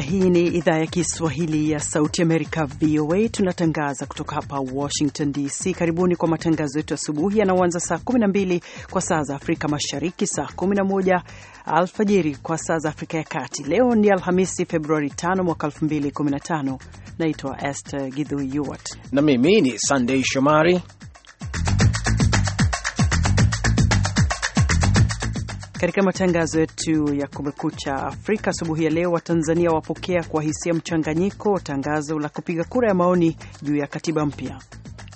Hii ni idhaa ya Kiswahili ya Sauti Amerika, VOA. Tunatangaza kutoka hapa Washington DC. Karibuni kwa matangazo yetu asubuhi yanaoanza saa 12 kwa saa za Afrika Mashariki, saa 11 alfajiri kwa saa za Afrika ya Kati. Leo ni Alhamisi, Februari 5 mwaka 2015. Naitwa Esther Gidhu na mimi ni Sandei Shomari Katika matangazo yetu ya Kumekucha Afrika asubuhi ya leo, Watanzania wapokea kwa hisia mchanganyiko tangazo la kupiga kura ya maoni juu ya katiba mpya.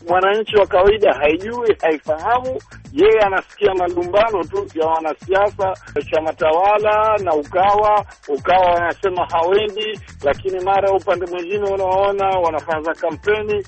Mwananchi wa kawaida haijui, haifahamu. Yeye anasikia malumbano tu ya wanasiasa, chama tawala na UKAWA. UKAWA wanasema hawendi, lakini mara upande mwingine unaona wanafanza kampeni.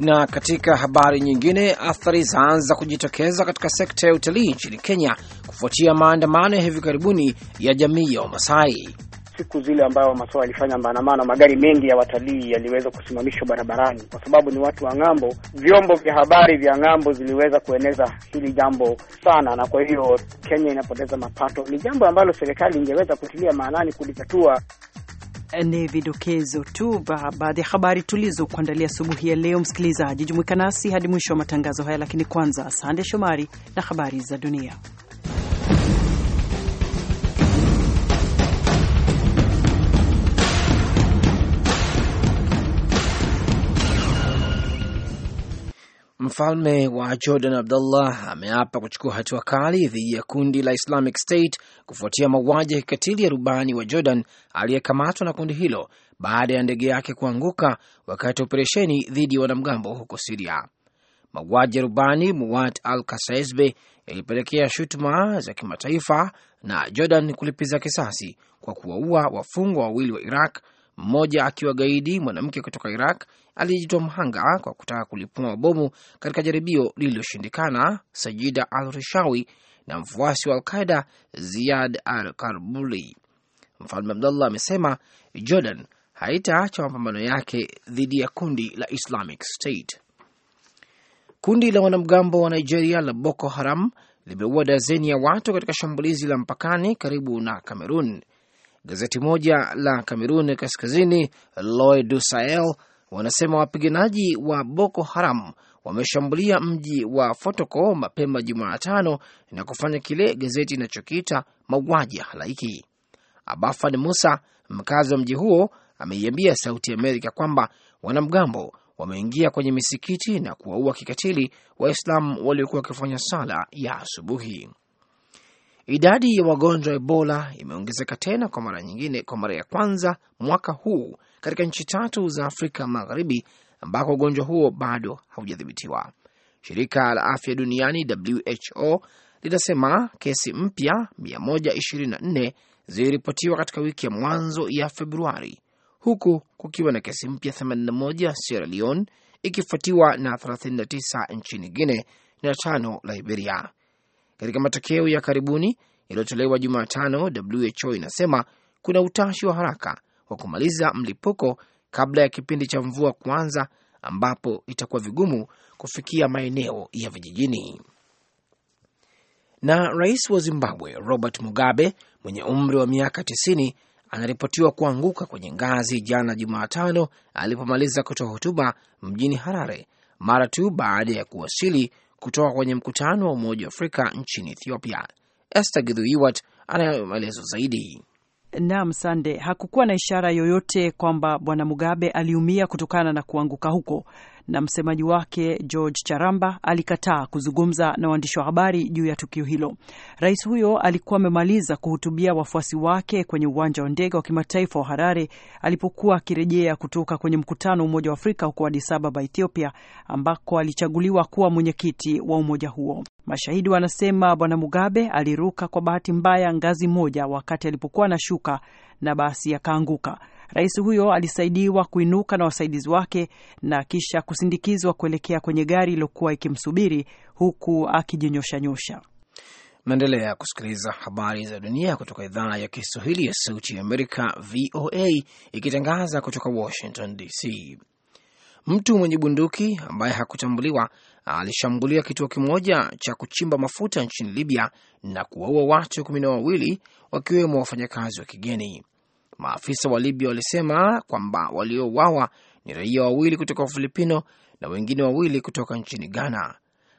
Na katika habari nyingine, athari zaanza kujitokeza katika sekta ya utalii nchini Kenya kufuatia maandamano ya hivi karibuni ya jamii ya Wamasai. Siku zile ambayo Wamasai walifanya maandamano, magari mengi ya watalii yaliweza kusimamishwa barabarani kwa sababu ni watu wa ng'ambo. Vyombo vya habari vya ng'ambo ziliweza kueneza hili jambo sana, na kwa hiyo Kenya inapoteza mapato. Ni jambo ambalo serikali ingeweza kutilia maanani kulitatua. Ni vidokezo tu baadhi ya habari tulizokuandalia asubuhi ya leo. Msikilizaji, jumuika nasi hadi mwisho wa matangazo haya, lakini kwanza, Sande Shomari na habari za dunia. Mfalme wa Jordan Abdullah ameapa kuchukua hatua kali dhidi ya kundi la Islamic State kufuatia mauaji ya kikatili ya rubani wa Jordan aliyekamatwa na kundi hilo baada ya ndege yake kuanguka wakati wa operesheni dhidi ya wanamgambo huko Siria. Mauaji ya rubani Muwat al Kasaesbe yalipelekea shutuma za kimataifa na Jordan kulipiza kisasi kwa kuwaua wafungwa wawili wa Iraq, mmoja akiwa gaidi mwanamke kutoka Iraq aliyejitoa mhanga kwa kutaka kulipua mabomu katika jaribio lililoshindikana. Sajida al Rishawi na mfuasi wa Alqaida Ziyad al Karbuli. Mfalme Abdullah amesema Jordan haitaacha mapambano yake dhidi ya kundi la Islamic State. Kundi la wanamgambo wa Nigeria la Boko Haram limeua dazeni ya watu katika shambulizi la mpakani karibu na Cameroon. Gazeti moja la Cameroon kaskazini Loy du Sahel wanasema wapiganaji wa Boko Haram wameshambulia mji wa Fotoko mapema Jumatano na kufanya kile gazeti inachokiita mauaji ya halaiki. Abafan Musa, mkazi wa mji huo, ameiambia Sauti Amerika kwamba wanamgambo wameingia kwenye misikiti na kuwaua kikatili Waislamu waliokuwa wakifanya sala ya asubuhi. Idadi ya wagonjwa wa Ebola imeongezeka tena kwa mara nyingine, kwa mara ya kwanza mwaka huu katika nchi tatu za Afrika Magharibi ambako ugonjwa huo bado haujadhibitiwa. Shirika la afya duniani WHO linasema kesi mpya 124 ziliripotiwa katika wiki ya mwanzo ya Februari, huku kukiwa na kesi mpya 81 Sierra Leone, ikifuatiwa na 39 nchini Guinea na tano Liberia. Katika matokeo ya karibuni yaliyotolewa Jumatano, WHO inasema kuna utashi wa haraka kwa kumaliza mlipuko kabla ya kipindi cha mvua kuanza, ambapo itakuwa vigumu kufikia maeneo ya vijijini. Na rais wa Zimbabwe Robert Mugabe mwenye umri wa miaka 90 anaripotiwa kuanguka kwenye ngazi jana Jumatano alipomaliza kutoa hotuba mjini Harare mara tu baada ya kuwasili kutoka kwenye mkutano wa Umoja wa Afrika nchini Ethiopia. Esther Githuiwat anayo maelezo zaidi. Naam, Sande, hakukuwa na ishara yoyote kwamba bwana Mugabe aliumia kutokana na kuanguka huko, na msemaji wake George Charamba alikataa kuzungumza na waandishi wa habari juu ya tukio hilo. Rais huyo alikuwa amemaliza kuhutubia wafuasi wake kwenye uwanja wa ndege wa kimataifa wa Harare alipokuwa akirejea kutoka kwenye mkutano wa Umoja wa Afrika huko Addis Ababa, Ethiopia, ambako alichaguliwa kuwa mwenyekiti wa umoja huo. Mashahidi wanasema Bwana Mugabe aliruka kwa bahati mbaya ngazi moja wakati alipokuwa anashuka na basi akaanguka. Rais huyo alisaidiwa kuinuka na wasaidizi wake na kisha kusindikizwa kuelekea kwenye gari iliyokuwa ikimsubiri huku akijinyoshanyosha. Naendelea kusikiliza habari za dunia kutoka idhaa ya Kiswahili ya Sauti ya Amerika, VOA, ikitangaza kutoka Washington DC. Mtu mwenye bunduki ambaye hakutambuliwa alishambulia kituo kimoja cha kuchimba mafuta nchini Libya na kuwaua watu kumi na wawili wakiwemo wafanyakazi wa kigeni. Maafisa wa Libya walisema kwamba waliouawa ni raia wawili kutoka Ufilipino na wengine wawili kutoka nchini Ghana.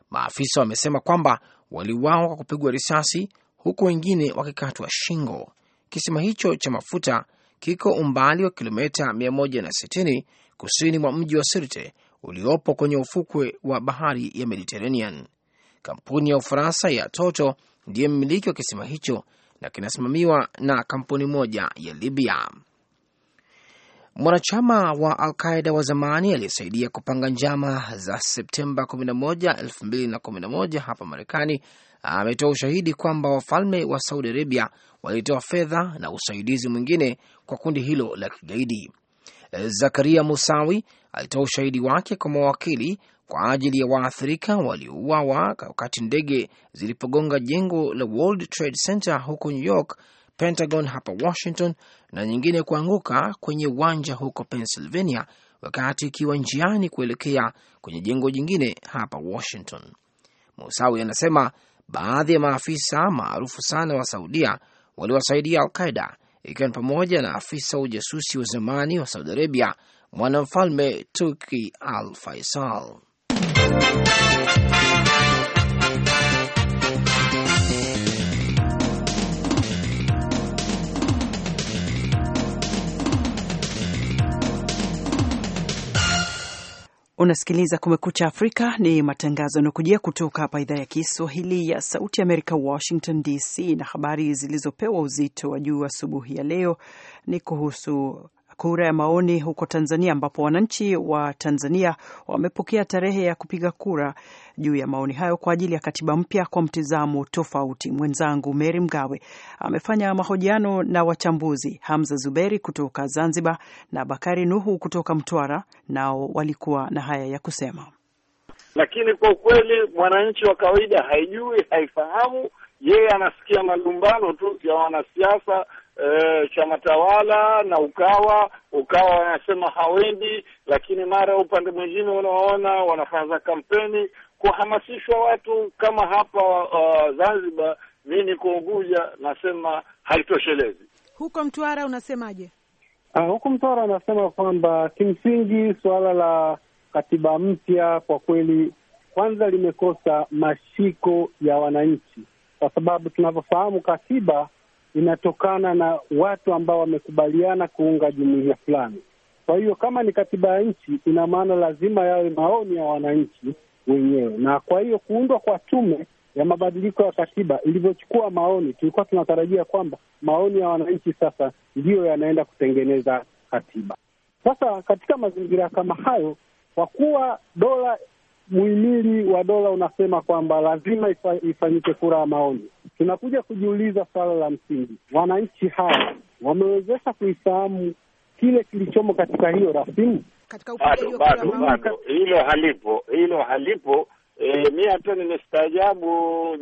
Maafisa wamesema kwamba waliuawa kwa kupigwa risasi huku wengine wakikatwa shingo. Kisima hicho cha mafuta kiko umbali wa kilomita 160 kusini mwa mji wa Sirte uliopo kwenye ufukwe wa bahari ya Mediterranean. Kampuni ya Ufaransa ya toto ndiye mmiliki wa kisima hicho na kinasimamiwa na kampuni moja ya Libya. Mwanachama wa Alqaida wa zamani aliyesaidia kupanga njama za Septemba 11, 2011 hapa Marekani ametoa ushahidi kwamba wafalme wa Saudi Arabia walitoa fedha na usaidizi mwingine kwa kundi hilo la kigaidi. Zakaria Musawi alitoa ushahidi wake kwa mawakili kwa ajili ya waathirika waliouawa wakati ndege zilipogonga jengo la World Trade Center huko New York, Pentagon hapa Washington, na nyingine kuanguka kwenye uwanja huko Pennsylvania wakati ikiwa njiani kuelekea kwenye jengo jingine hapa Washington. Musawi anasema baadhi ya maafisa maarufu sana wa Saudia waliwasaidia Alqaida, ikiwa ni pamoja na afisa wa ujasusi wa zamani wa Saudi Arabia, mwanamfalme Turki Al Faisal. Unasikiliza Kumekucha Afrika, ni matangazo yanakujia kutoka hapa idhaa ya Kiswahili ya Sauti ya Amerika, Washington DC. Na habari zilizopewa uzito wa juu asubuhi ya leo ni kuhusu kura ya maoni huko Tanzania, ambapo wananchi wa Tanzania wamepokea tarehe ya kupiga kura juu ya maoni hayo kwa ajili ya katiba mpya kwa mtizamo tofauti. Mwenzangu Meri Mgawe amefanya mahojiano na wachambuzi Hamza Zuberi kutoka Zanzibar na Bakari Nuhu kutoka Mtwara, nao walikuwa na haya ya kusema. Lakini kwa ukweli mwananchi wa kawaida haijui, haifahamu. Yeye anasikia malumbano tu ya wanasiasa e, chama tawala na Ukawa. Ukawa wanasema hawendi, lakini mara upande mwingine unaona wanafanza kampeni kuhamasishwa watu kama hapa uh, Zanzibar. Mimi niko Unguja, nasema haitoshelezi. Huko Mtwara unasemaje? Uh, huko Mtwara anasema kwamba kimsingi suala la katiba mpya kwa kweli kwanza limekosa mashiko ya wananchi, kwa sababu tunavyofahamu katiba inatokana na watu ambao wamekubaliana kuunga jumuiya fulani. Kwa hiyo kama ni katiba ya nchi, ina maana lazima yawe maoni ya wananchi wenyewe, na kwa hiyo kuundwa kwa tume ya mabadiliko ya katiba ilivyochukua maoni, tulikuwa tunatarajia kwamba maoni ya wananchi sasa ndiyo yanaenda kutengeneza katiba. Sasa katika mazingira kama hayo, kwa kuwa dola, muhimili wa dola unasema kwamba lazima ifa, ifanyike kura ya maoni tunakuja kujiuliza swala la msingi, wananchi hawa wamewezesha kuifahamu kile kilichomo katika hiyo rasimu? Bado bado bado, hilo halipo, hilo halipo. E, mi hata nimestaajabu.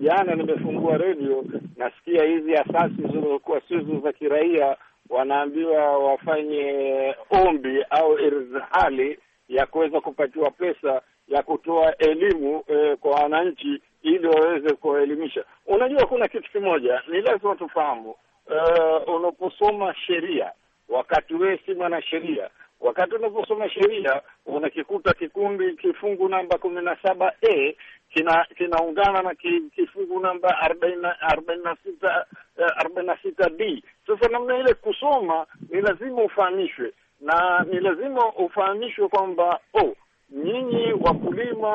Jana nimefungua redio, nasikia hizi asasi zilizokuwa sizo za kiraia wanaambiwa wafanye ombi au irzhali ya kuweza kupatiwa pesa ya kutoa elimu eh, kwa wananchi ili waweze kuwaelimisha. Unajua, kuna kitu kimoja ni lazima tufahamu. Uh, unaposoma sheria, wakati wewe si mwanasheria, wakati unaposoma sheria unakikuta kikundi kifungu namba kumi na saba a kina kinaungana na kifungu namba arobaini na sita eh, arobaini na sita d. Sasa namna ile kusoma ni lazima ufahamishwe, na ni lazima ufahamishwe kwamba oh nyinyi wakulima,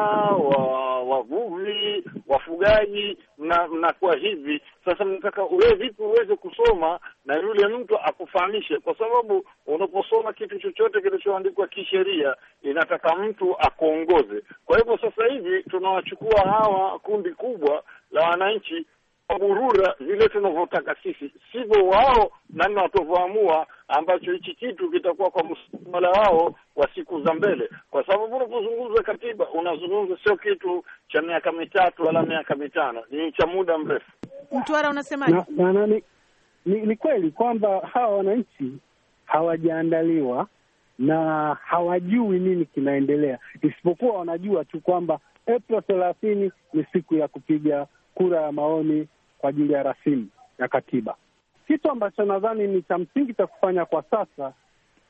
wavuvi, wafugaji wafugaji, mnakuwa hivi sasa. Mnataka wewe vipi uweze kusoma na yule mtu akufahamishe? Kwa sababu unaposoma kitu chochote kilichoandikwa kisheria, inataka mtu akuongoze. Kwa hivyo sasa hivi tunawachukua hawa kundi kubwa la wananchi burura vile tunavyotaka sisi, sivyo wao namna watavyoamua, ambacho hichi kitu kitakuwa kwa mustakabala wao wa siku za mbele, kwa sababu unapozungumza katiba unazungumza sio kitu cha miaka mitatu wala miaka mitano, ni cha muda mrefu. Mtwara, unasemaje? Na, na, ni, ni, ni kweli kwamba hawa wananchi hawajaandaliwa na hawajui nini kinaendelea, isipokuwa wanajua tu kwamba Aprili thelathini ni siku ya kupiga kura ya maoni kwa ajili ya rasimu ya katiba. Kitu ambacho nadhani ni cha msingi cha kufanya kwa sasa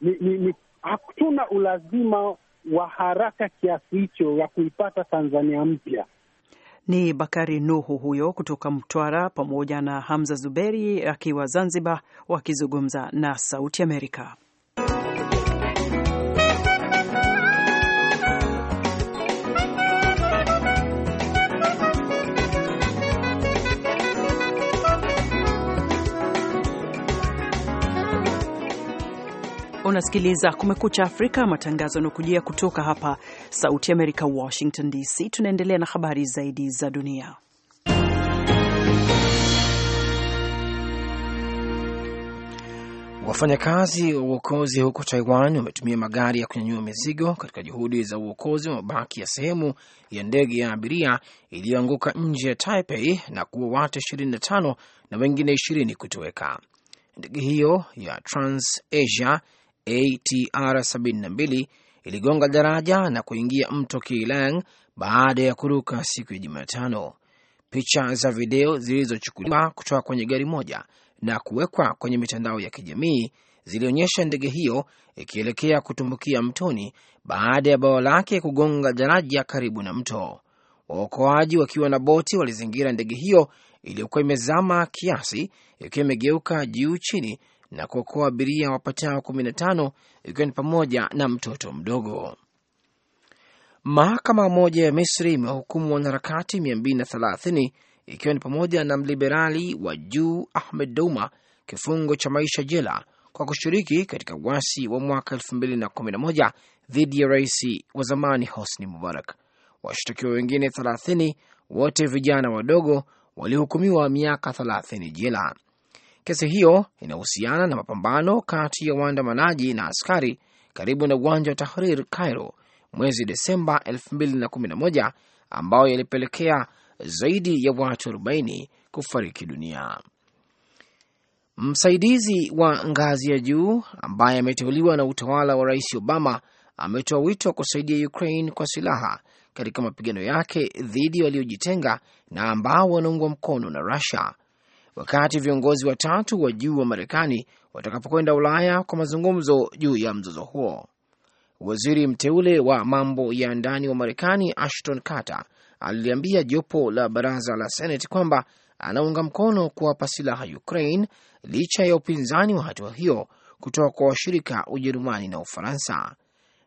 ni, ni, ni hatuna ulazima wa haraka kiasi hicho ya kuipata Tanzania mpya. Ni Bakari Nuhu huyo kutoka Mtwara pamoja na Hamza Zuberi akiwa Zanzibar wakizungumza na Sauti Amerika. Unasikiliza Kumekucha Afrika, matangazo yanakujia kutoka hapa Sauti Amerika, Washington DC. Tunaendelea na habari zaidi za dunia. Wafanyakazi wa uokozi huko Taiwan wametumia magari ya kunyanyua mizigo katika juhudi za uokozi wa mabaki ya sehemu ya ndege ya abiria iliyoanguka nje ya Taipei na kuwa watu 25 na wengine 20 kutoweka. Ndege hiyo ya Trans Asia ATR 72 iligonga daraja na kuingia mto Kilang baada ya kuruka siku ya Jumatano. Picha za video zilizochukuliwa kutoka kwenye gari moja na kuwekwa kwenye mitandao ya kijamii zilionyesha ndege hiyo ikielekea kutumbukia mtoni baada ya bawa lake kugonga daraja karibu na mto. Waokoaji wakiwa na boti walizingira ndege hiyo iliyokuwa imezama kiasi, ikiwa imegeuka juu chini na kuokoa abiria wapatao 15 ikiwa ni pamoja na mtoto mdogo. Mahakama moja ya Misri imewahukumu wanaharakati 230 ikiwa ni pamoja na mliberali wa juu Ahmed Douma kifungo cha maisha jela kwa kushiriki katika uasi wa mwaka 2011 dhidi ya rais wa zamani Hosni Mubarak. Washtakiwa wengine 30 wote vijana wadogo walihukumiwa miaka 30 jela. Kesi hiyo inahusiana na mapambano kati ya waandamanaji na askari karibu na uwanja wa Tahrir, Cairo, mwezi Desemba 2011 ambayo yalipelekea zaidi ya watu 40 kufariki dunia. Msaidizi wa ngazi ya juu ambaye ameteuliwa na utawala wa Rais Obama ametoa wito wa kusaidia Ukraine kwa silaha katika mapigano yake dhidi waliojitenga na ambao wanaungwa mkono na Russia wakati viongozi watatu wa juu wa Marekani watakapokwenda Ulaya kwa mazungumzo juu ya mzozo huo. Waziri mteule wa mambo ya ndani wa Marekani Ashton Carter aliliambia jopo la baraza la Seneti kwamba anaunga mkono kuwapa silaha Ukraine licha ya upinzani wa hatua hiyo kutoka kwa washirika Ujerumani na Ufaransa.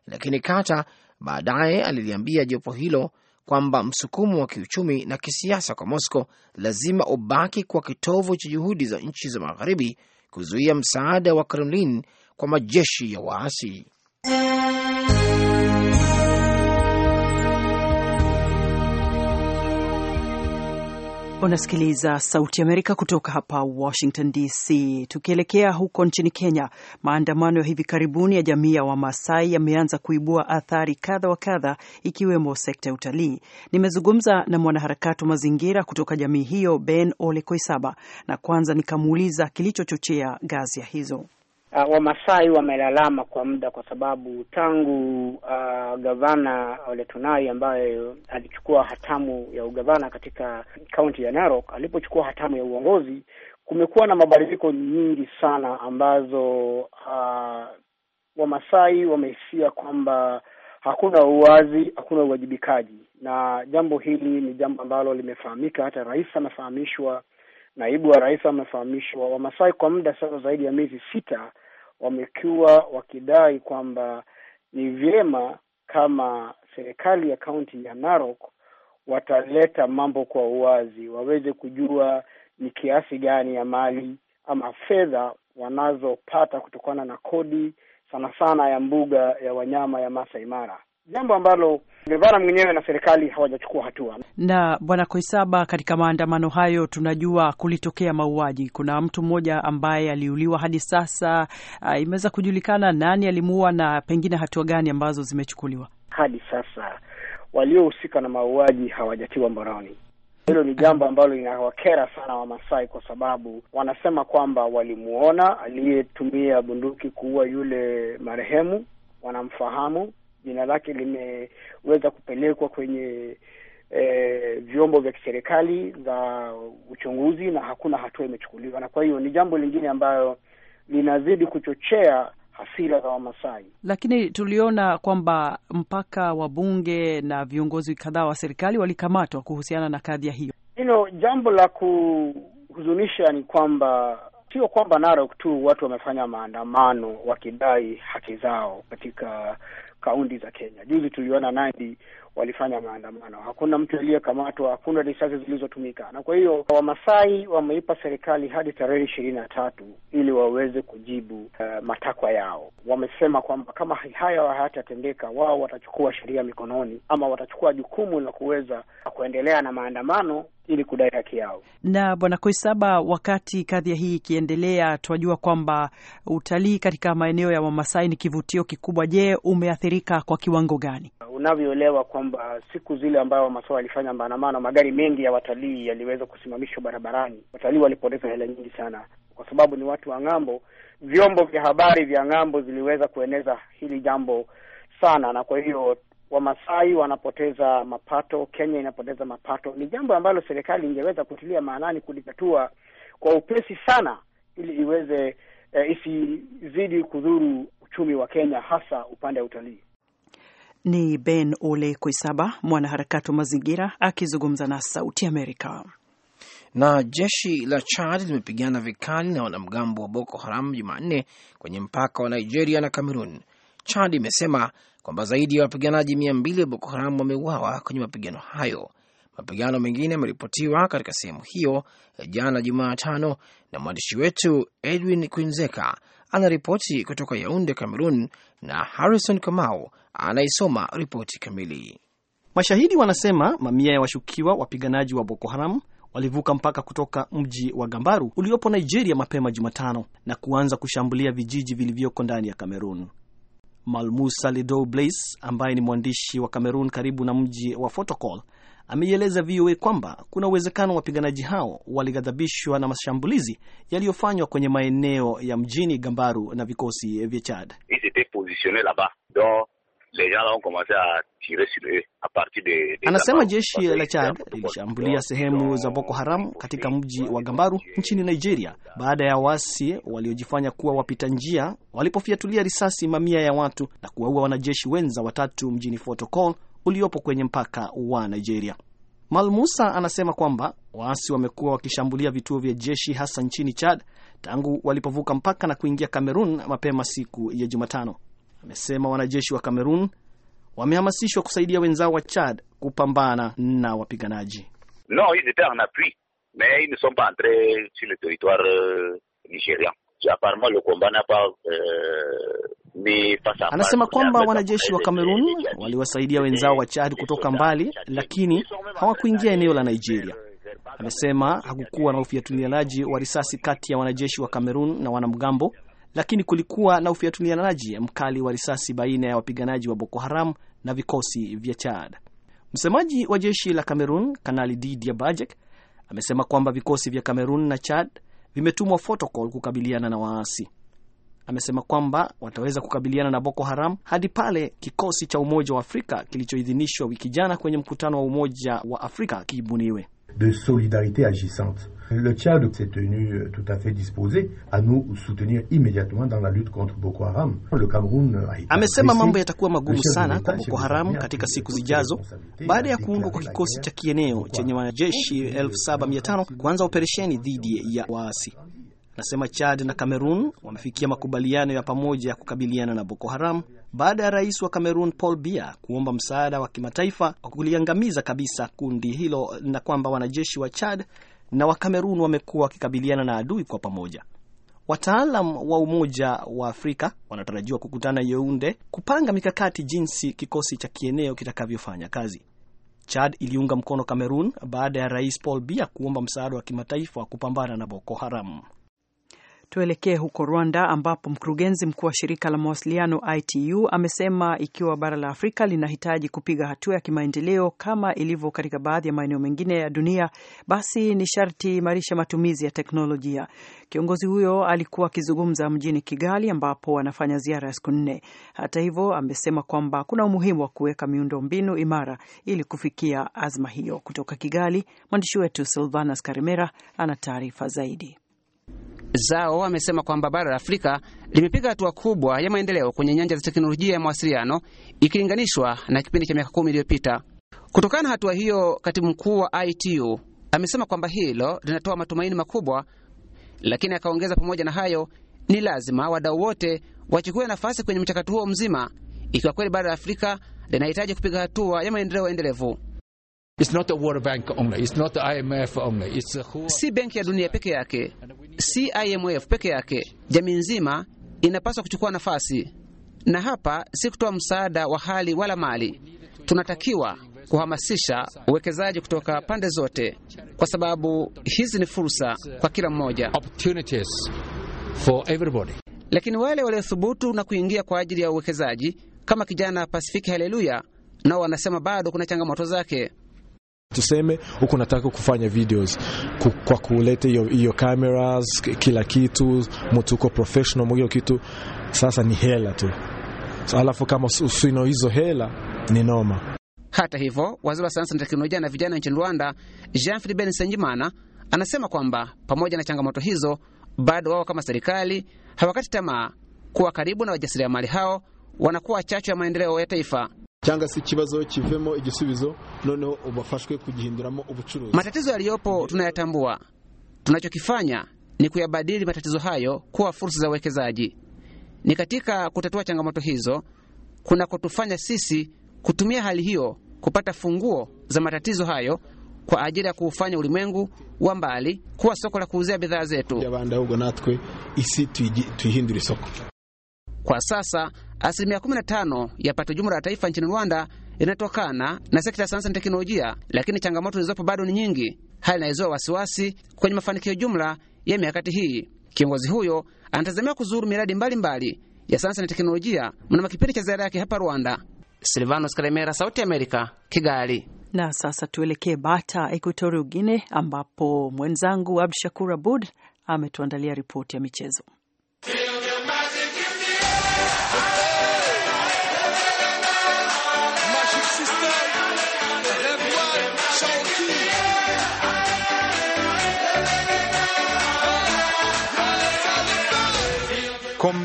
Lakini Carter baadaye aliliambia jopo hilo kwamba msukumo wa kiuchumi na kisiasa kwa Moscow lazima ubaki kwa kitovu cha juhudi za nchi za magharibi kuzuia msaada wa Kremlin kwa majeshi ya waasi. Unasikiliza Sauti Amerika kutoka hapa Washington DC. Tukielekea huko nchini Kenya, maandamano ya hivi karibuni ya jamii ya Wamasai yameanza kuibua athari kadha wa kadha, ikiwemo sekta ya utalii. Nimezungumza na mwanaharakati wa mazingira kutoka jamii hiyo Ben Ole Koisaba, na kwanza nikamuuliza kilichochochea ghasia hizo uh, Wamasai wamelalama kwa muda kwa sababu tangu uh, gavana Ole Tunai ambaye alichukua hatamu ya ugavana katika kaunti ya Narok alipochukua hatamu ya uongozi, kumekuwa na mabadiliko nyingi sana ambazo uh, Wamasai wamehisia kwamba hakuna uwazi, hakuna uwajibikaji, na jambo hili ni jambo ambalo limefahamika. Hata rais amefahamishwa, naibu wa rais amefahamishwa. Wamasai kwa muda sasa zaidi ya miezi sita wamekuwa wakidai kwamba ni vyema kama serikali ya kaunti ya Narok wataleta mambo kwa uwazi, waweze kujua ni kiasi gani ya mali ama fedha wanazopata kutokana na kodi sana sana ya mbuga ya wanyama ya Masai Mara jambo ambalo gavana mwenyewe na serikali hawajachukua hatua. Na bwana Koisaba, katika maandamano hayo tunajua kulitokea mauaji. Kuna mtu mmoja ambaye aliuliwa, hadi sasa uh, imeweza kujulikana nani alimuua na pengine hatua gani ambazo zimechukuliwa hadi sasa. Waliohusika na mauaji hawajatiwa mbaroni. Hilo ni jambo ambalo linawakera sana Wamasai kwa sababu wanasema kwamba walimuona aliyetumia bunduki kuua yule marehemu, wanamfahamu jina lake limeweza kupelekwa kwenye E, vyombo vya kiserikali za uchunguzi na hakuna hatua imechukuliwa, na kwa hiyo ni jambo lingine ambayo linazidi kuchochea hasira za Wamasai. Lakini tuliona kwamba mpaka wabunge na viongozi kadhaa wa serikali walikamatwa kuhusiana na kadhia hiyo. Hilo jambo la kuhuzunisha ni kwamba sio kwamba Narok tu watu wamefanya maandamano wakidai haki zao katika kaunti za Kenya. Juzi tuliona Nandi walifanya maandamano. Hakuna mtu aliyekamatwa, hakuna risasi zilizotumika, na kwa hiyo Wamasai wameipa serikali hadi tarehe ishirini na tatu ili waweze kujibu uh, matakwa yao. Wamesema kwamba kama haya hayatatendeka, wao watachukua sheria mikononi ama watachukua jukumu la kuweza kuendelea na maandamano ili kudai haki yao. Na Bwana Koisaba, wakati kadhia hii ikiendelea, tunajua kwamba utalii katika maeneo ya Wamasai ni kivutio kikubwa. Je, umeathirika kwa kiwango gani? unavyoelewa kwamba siku zile ambayo Wamasai walifanya maandamano, magari mengi ya watalii yaliweza kusimamishwa barabarani. Watalii walipoteza hela nyingi sana, kwa sababu ni watu wa ng'ambo. Vyombo vya habari vya ng'ambo ziliweza kueneza hili jambo sana, na kwa hiyo Wamasai wanapoteza mapato, Kenya inapoteza mapato. Ni jambo ambalo serikali ingeweza kutilia maanani kulitatua kwa upesi sana, ili iweze eh, isizidi kudhuru uchumi wa Kenya, hasa upande wa utalii. Ni Ben Ole kuisaba mwanaharakati wa mazingira akizungumza na Sauti Amerika. Na jeshi la Chad limepigana vikali na wanamgambo wa Boko Haram Jumanne kwenye mpaka wa Nigeria na Cameroon. Chad imesema kwamba zaidi ya wapiganaji mia mbili wa Boko Haram wameuawa kwenye mapigano hayo. Mapigano mengine yameripotiwa katika sehemu hiyo jana Jumatano, na mwandishi wetu Edwin Quinzeka anaripoti kutoka Yaunde, cameroon na Harrison Kamau anaisoma ripoti kamili. Mashahidi wanasema mamia ya washukiwa wapiganaji wa Boko Haram walivuka mpaka kutoka mji wa Gambaru uliopo Nigeria mapema Jumatano na kuanza kushambulia vijiji vilivyoko ndani ya cameron Malmusa Ledow Blaise ambaye ni mwandishi wa cameron karibu na mji wa Fotokol ameieleza VOA kwamba kuna uwezekano wapiganaji hao walighadhabishwa na mashambulizi yaliyofanywa kwenye maeneo ya mjini Gambaru na vikosi vya Chad. Anasema jeshi la Chad lilishambulia sehemu za Boko Haram katika mji wa Gambaru nchini Nigeria baada ya waasi waliojifanya kuwa wapita njia walipofiatulia risasi mamia ya watu na kuwaua wanajeshi wenza watatu mjini Fort uliopo kwenye mpaka wa Nigeria. Malmusa anasema kwamba waasi wamekuwa wakishambulia vituo vya jeshi hasa nchini Chad tangu walipovuka mpaka na kuingia Kamerun mapema siku ya Jumatano. Amesema wanajeshi wa Kamerun wamehamasishwa kusaidia wenzao wa Chad kupambana na wapiganaji. Non, mais ils ne sont pas entrés sur le territoire euh, Apparemment, le combat n'a pas euh, ni Anasema kwamba wanajeshi wa Kamerun waliwasaidia wenzao wa Chad kutoka mbali, lakini hawakuingia eneo la Nigeria. Amesema hakukuwa na ufiatulianaji wa risasi kati ya wanajeshi wa Kamerun na wanamgambo, lakini kulikuwa na ufiatulianaji mkali wa risasi baina ya wapiganaji wa Boko Haram na vikosi vya Chad. Msemaji wa jeshi la Kamerun, Kanali d Bajek, amesema kwamba vikosi vya Kamerun na Chad vimetumwa protokol kukabiliana na waasi amesema kwamba wataweza kukabiliana na Boko Haram hadi pale kikosi cha Umoja wa Afrika kilichoidhinishwa wiki jana kwenye mkutano wa Umoja wa Afrika kiibuniwe. de solidarite agissante le Tchad s'est tenu euh, tout à fait disposé à nous soutenir dans la lutte contre Boko Haram. Le Cameroun amesema mambo yatakuwa magumu sana kwa Boko Haram katika siku zijazo baada ya kuundwa kwa kikosi cha kieneo chenye wanajeshi 7500 kuanza operesheni dhidi ya waasi. Anasema Chad na Cameroon wamefikia makubaliano ya pamoja ya kukabiliana na Boko Haram baada ya rais wa Cameroon Paul Biya kuomba msaada wa kimataifa wa kuliangamiza kabisa kundi hilo na kwamba wanajeshi wa Chad na wa Cameroon wamekuwa wakikabiliana na adui kwa pamoja. Wataalam wa Umoja wa Afrika wanatarajiwa kukutana Yeunde kupanga mikakati jinsi kikosi cha kieneo kitakavyofanya kazi. Chad iliunga mkono Cameroon baada ya rais Paul Biya kuomba msaada wa kimataifa wa kupambana na Boko Haram. Tuelekee huko Rwanda ambapo mkurugenzi mkuu wa shirika la mawasiliano ITU amesema ikiwa bara la Afrika linahitaji kupiga hatua ya kimaendeleo kama ilivyo katika baadhi ya maeneo mengine ya dunia, basi ni sharti imarisha matumizi ya teknolojia. Kiongozi huyo alikuwa akizungumza mjini Kigali ambapo anafanya ziara ya siku nne. Hata hivyo, amesema kwamba kuna umuhimu wa kuweka miundo mbinu imara ili kufikia azma hiyo. Kutoka Kigali, mwandishi wetu Silvanas Karimera ana taarifa zaidi zao amesema kwamba bara la Afrika limepiga hatua kubwa ya maendeleo kwenye nyanja za teknolojia ya mawasiliano ikilinganishwa na kipindi cha miaka kumi iliyopita. Kutokana na hatua hiyo, katibu mkuu wa ITU amesema kwamba hilo linatoa matumaini makubwa, lakini akaongeza, pamoja na hayo, ni lazima wadau wote wachukue nafasi kwenye mchakato huo mzima, ikiwa kweli bara la Afrika linahitaji kupiga hatua ya maendeleo endelevu. It's not the World Bank only. It's not the IMF only. It's Si benki ya dunia peke yake, si IMF peke yake. Jamii nzima inapaswa kuchukua nafasi, na hapa si kutoa msaada wa hali wala mali. Tunatakiwa kuhamasisha uwekezaji kutoka pande zote, kwa sababu hizi ni fursa kwa kila mmoja. Opportunities for everybody. Lakini wale waliothubutu na kuingia kwa ajili ya uwekezaji kama kijana Pasifiki Haleluya, nao wanasema bado kuna changamoto zake tuseme huku nataka kufanya videos kwa kuleta hiyo cameras, kila kitu, mtu uko professional mwiyo kitu, sasa ni hela tu. So, alafu kama usino hizo hela ni noma. Hata hivyo, waziri wa sayansi na teknolojia na vijana nchini Rwanda Jean Philbert Nsengimana anasema kwamba pamoja na changamoto hizo bado wao kama serikali hawakati tamaa kuwa karibu na wajasiriamali hao wanakuwa chachu ya maendeleo ya taifa cyangwa se ikibazo kivemo igisubizo noneho ubafashwe kugihinduramo ubucuruzi. Matatizo yaliyopo tunayatambua, tunachokifanya ni kuyabadili matatizo hayo kuwa fursa za uwekezaji. Ni katika kutatua changamoto hizo kunakotufanya sisi kutumia hali hiyo kupata funguo za matatizo hayo kwa ajili ya kuufanya ulimwengu wa mbali kuwa soko la kuuzia bidhaa zetu. Kwa sasa asilimia 15 ya pato jumla la taifa nchini Rwanda inatokana na sekta ya sayansi na teknolojia, lakini changamoto zilizopo bado ni nyingi. Hali inayozoa wasiwasi kwenye mafanikio jumla ya miakati hii. Kiongozi huyo anatazamia kuzuru miradi mbalimbali mbali ya sayansi na teknolojia mnamo kipindi cha ziara yake hapa Rwanda. Silvanos Karemera, Sauti ya Amerika, Kigali. Na sasa tuelekee Bata Equatorial Guinea, ambapo mwenzangu Abdu Shakur Abud ametuandalia ripoti ya michezo.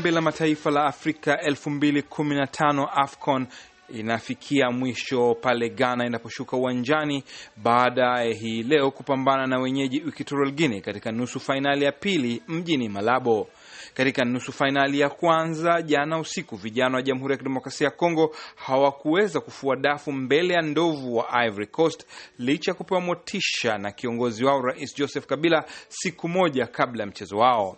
kombe la mataifa la Afrika 2015 AFCON inafikia mwisho pale Ghana inaposhuka uwanjani baadaye hii leo kupambana na wenyeji Equatorial Guinea katika nusu fainali ya pili mjini Malabo. Katika nusu fainali ya kwanza jana usiku, vijana wa Jamhuri ya Kidemokrasia ya Kongo hawakuweza kufua dafu mbele ya ndovu wa Ivory Coast licha ya kupewa motisha na kiongozi wao Rais Joseph Kabila siku moja kabla ya mchezo wao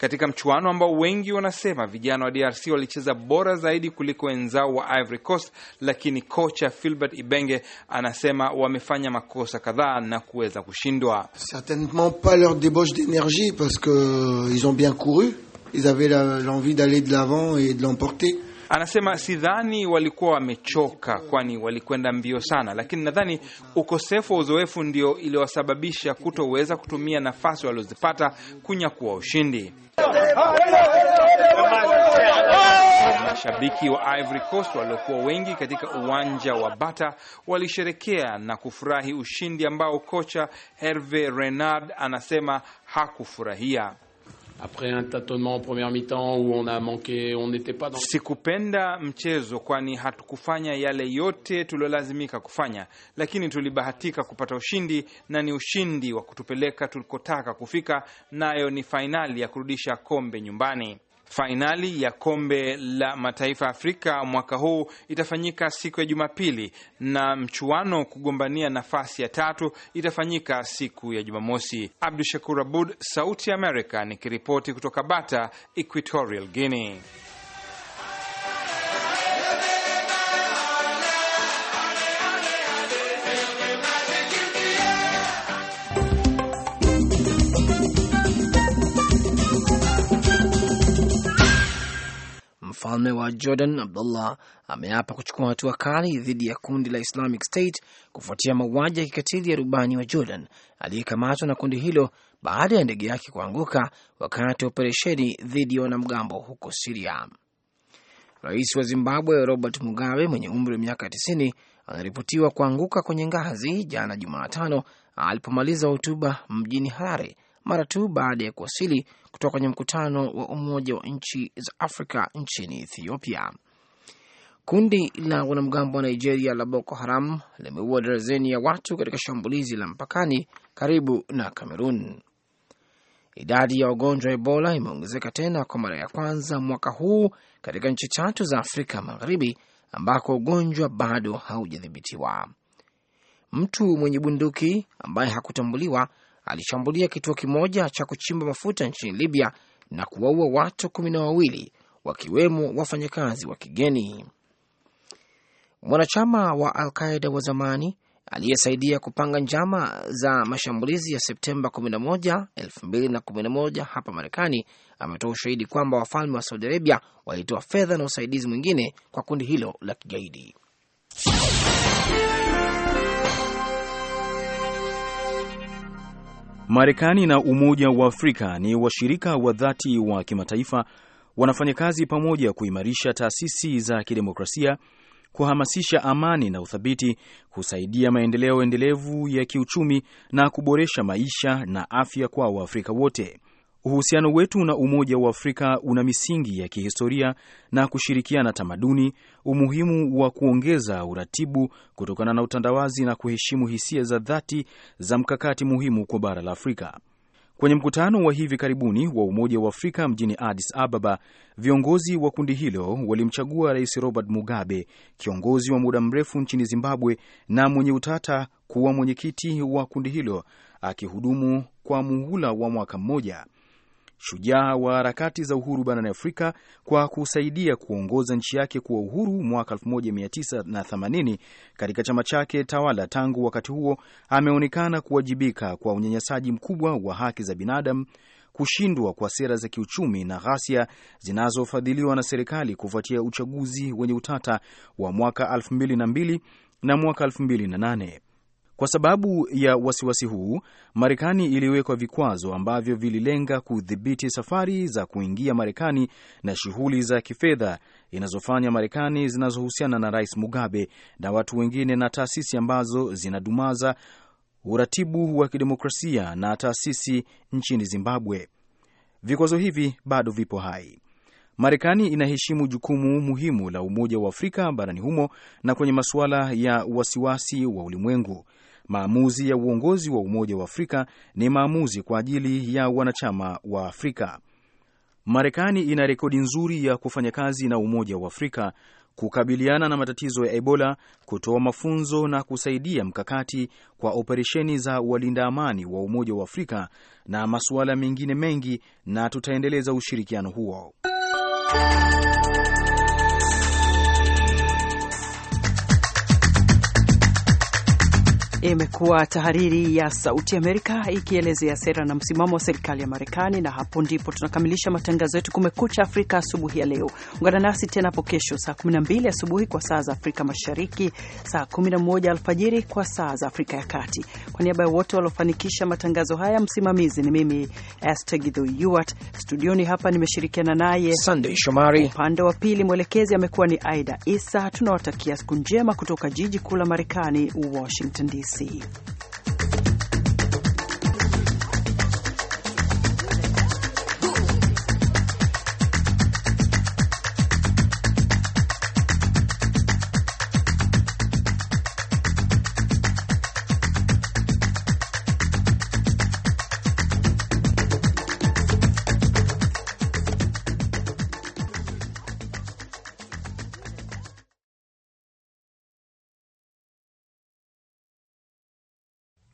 katika mchuano ambao wengi wanasema vijana wa DRC walicheza bora zaidi kuliko wenzao wa Ivory Coast, lakini kocha filbert Ibenge anasema wamefanya makosa kadhaa na kuweza kushindwa. Certainement pas leur debauche d'énergie parce que euh, ils ont bien couru, ils avaient l'envie d'aller de l'avant et de l'emporter Anasema sidhani walikuwa wamechoka, kwani walikwenda mbio sana, lakini nadhani ukosefu wa uzoefu ndio iliwasababisha kutoweza kutumia nafasi walizopata kunyakua ushindi. Mashabiki wa Ivory Coast waliokuwa wengi katika uwanja wa Bata walisherekea na kufurahi ushindi ambao kocha Herve Renard anasema hakufurahia après un tâtonnement en première mi-temps où on a manqué, on n'était pas dans... Sikupenda mchezo kwani hatukufanya yale yote tuliolazimika kufanya, lakini tulibahatika kupata ushindi na ni ushindi wa kutupeleka tulikotaka kufika, nayo ni fainali ya kurudisha kombe nyumbani. Fainali ya kombe la mataifa Afrika mwaka huu itafanyika siku ya Jumapili na mchuano kugombania nafasi ya tatu itafanyika siku ya Jumamosi. Abdu Shakur Abud, Sauti ya Amerika, nikiripoti kutoka Bata, Equatorial Guinea. Mfalme wa Jordan Abdullah ameapa kuchukua hatua kali dhidi ya kundi la Islamic State kufuatia mauaji ya kikatili ya rubani wa Jordan aliyekamatwa na kundi hilo baada ya ndege yake kuanguka wakati wa operesheni dhidi ya wanamgambo huko Siria. Rais wa Zimbabwe Robert Mugabe mwenye umri wa miaka 90 anaripotiwa kuanguka kwenye ngazi jana Jumatano alipomaliza hotuba mjini Harare mara tu baada ya kuwasili kutoka kwenye mkutano wa Umoja wa Nchi za Afrika nchini Ethiopia. Kundi la wanamgambo wa Nigeria la Boko Haram limeua darazeni ya watu katika shambulizi la mpakani karibu na Kamerun. Idadi ya wagonjwa wa Ebola imeongezeka tena kwa mara ya kwanza mwaka huu katika nchi tatu za Afrika Magharibi ambako ugonjwa bado haujadhibitiwa. Mtu mwenye bunduki ambaye hakutambuliwa alishambulia kituo kimoja cha kuchimba mafuta nchini Libya na kuwaua watu kumi na wawili wakiwemo wafanyakazi wa kigeni. Mwanachama wa Alqaida wa zamani aliyesaidia kupanga njama za mashambulizi ya Septemba 11, 2011 hapa Marekani ametoa ushahidi kwamba wafalme wa Saudi Arabia walitoa fedha na usaidizi mwingine kwa kundi hilo la kigaidi. Marekani na Umoja wa Afrika ni washirika wa dhati wa kimataifa, wanafanya kazi pamoja kuimarisha taasisi za kidemokrasia, kuhamasisha amani na uthabiti, kusaidia maendeleo endelevu ya kiuchumi na kuboresha maisha na afya kwa Waafrika wote. Uhusiano wetu na Umoja wa Afrika una misingi ya kihistoria na kushirikiana tamaduni, umuhimu wa kuongeza uratibu kutokana na utandawazi na kuheshimu hisia za dhati za mkakati muhimu kwa bara la Afrika. Kwenye mkutano wa hivi karibuni wa Umoja wa Afrika mjini Addis Ababa, viongozi wa kundi hilo walimchagua Rais Robert Mugabe, kiongozi wa muda mrefu nchini Zimbabwe na mwenye utata, kuwa mwenyekiti wa kundi hilo, akihudumu kwa muhula wa mwaka mmoja shujaa wa harakati za uhuru barani Afrika kwa kusaidia kuongoza nchi yake kuwa uhuru mwaka 1980 katika chama chake tawala. Tangu wakati huo ameonekana kuwajibika kwa unyanyasaji mkubwa wa haki za binadamu, kushindwa kwa sera za kiuchumi na ghasia zinazofadhiliwa na serikali kufuatia uchaguzi wenye utata wa mwaka 2002 na mwaka 2008. Kwa sababu ya wasiwasi huu, Marekani iliwekwa vikwazo ambavyo vililenga kudhibiti safari za kuingia Marekani na shughuli za kifedha inazofanya Marekani zinazohusiana na Rais Mugabe na watu wengine na taasisi ambazo zinadumaza uratibu wa kidemokrasia na taasisi nchini Zimbabwe. Vikwazo hivi bado vipo hai. Marekani inaheshimu jukumu muhimu la Umoja wa Afrika barani humo na kwenye masuala ya wasiwasi wa ulimwengu. Maamuzi ya uongozi wa Umoja wa Afrika ni maamuzi kwa ajili ya wanachama wa Afrika. Marekani ina rekodi nzuri ya kufanya kazi na Umoja wa Afrika kukabiliana na matatizo ya Ebola, kutoa mafunzo na kusaidia mkakati kwa operesheni za walinda amani wa Umoja wa Afrika na masuala mengine mengi, na tutaendeleza ushirikiano huo. Imekuwa tahariri ya Sauti Amerika ikielezea sera na msimamo wa serikali ya Marekani. Na hapo ndipo tunakamilisha matangazo yetu Kumekucha Afrika asubuhi ya leo. Ungana nasi tena hapo kesho saa 12 asubuhi kwa saa za Afrika Mashariki, saa 11 alfajiri kwa saa za Afrika ya Kati. Kwa niaba ya wote waliofanikisha matangazo haya, msimamizi ni mimi Astegidho Yuart, studioni hapa nimeshirikiana naye Sandey Shomari, upande wa pili mwelekezi amekuwa ni Aida Isa. Tunawatakia siku njema kutoka jiji kuu la Marekani, Washington DC. see